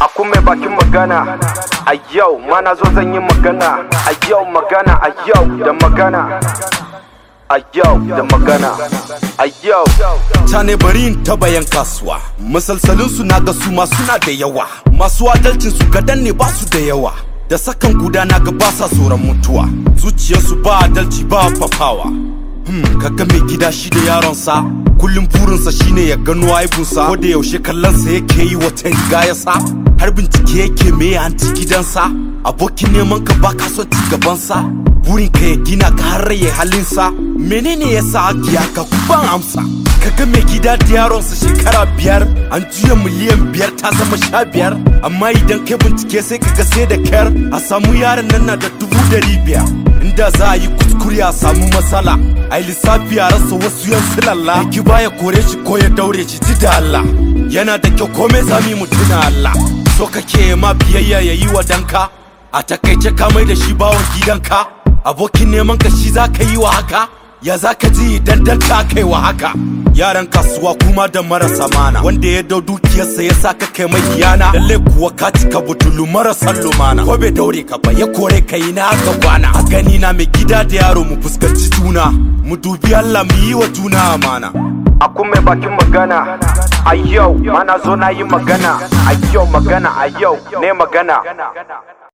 a kuma bakin magana a yau mana zo zan yi magana a yau magana a yau da magana a yau da magana a yau ta ne bari in ta bayan kasuwa Masalsalin su na ga su ma suna da yawa masu adalcin su gadan ne ba su da yawa da sakan guda na ga ba sa tsoron mutuwa zuciyarsu ba adalci ba fafawa hmm kaga mai gida shi da yaronsa kullum burinsa shine ya gano aibunsa ko da yaushe kallonsa yake yi wata riga ya sa har bincike yake me gidan gidansa abokin neman ka ba ka son gabansa burin ka ya gina ka har halin sa menene yasa akiya ka kuban amsa kaga mai gida da yaronsa shekara biyar an juya miliyan biyar ta zama sha biyar amma idan kai bincike sai ka sai da kyar a samu yaron nan na da dubu dari biyar inda za a yi kuskure a samu matsala a lissafi a rasa wasu yan silalla ki baya kore shi ko ya daure shi ji da Allah yana da kyau komai zami tuna Allah so kake ma biyayya ya yi wa danka a takaice ka mai da shi bawon gidanka abokin neman ka shi za ka yi wa haka ya za ka ji idan dan ta kai wa haka yaran kasuwa kuma da marasa mana wanda ya dau dukiyarsa ya sa ka kai mai kiyana lalle kuwa ka cika butulu marasan lumana ko bai daure ka ba ya kore ka yi na aka kwana a gani na mai gida da yaro mu fuskanci juna mu dubi Allah mu yi wa juna amana a kun mai bakin magana a yau mana zo na magana a magana a ne magana